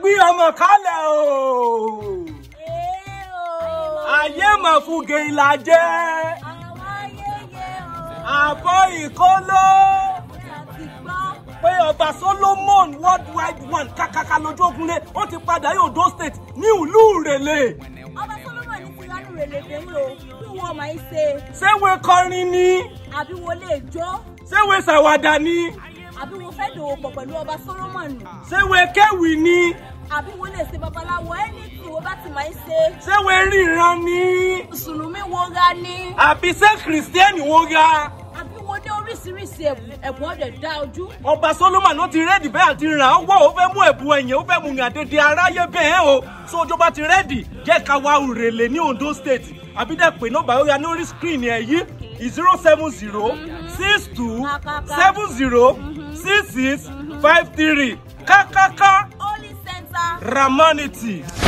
gbé ọmọ kálẹ̀ o. ayé mọ̀ fúge ìlàjẹ́. àbọ̀ ìkóló. pé ọba Solomon worldwide one kàkàkà lójú ogun lé ó ti padà yóò Ondo State ní ìlú Ìrèlè. ọba Solomon o kí wọn máa ń ṣe. ṣé wo kọrin ni. àbí wo lè jó. ṣé wo ṣàwàdà ni àbí wọn fẹ́ dòwò pọ̀ pẹ̀lú ọba Solomon. ṣé wẹ́ẹ́ kẹ́wì ni. àbí wọn lè ṣe babaláwo ẹni tí wọn bá ti máa ń ṣe. ṣé wẹ́ẹ́ ríran ni. mùsùlùmí wo ra ni. àbí ṣé kìrìsìtẹ́nì wo ra. àbí wọn ní oríṣiríṣi ẹ̀bùn ọ̀dẹ̀ dá ojú. ọba Solomon ló ti rẹ́ẹ̀dì bẹ́ẹ̀ àti ràn án wọ̀ ó fẹ́ mú ẹ̀bùn ẹ̀yìn ó fẹ́ mú ìrìnàdèdè aráyé bẹ́ẹ̀ o sójó bá ti rẹ́ẹ̀dì jẹ́ ká wa òrèlè ní Ondo State àbídẹ́pẹ̀ nọ́bà ó ya lórí screen ẹ̀ yìí zero seven zero six two seven zero mhm six six five three kákáká. holy center. ramanity.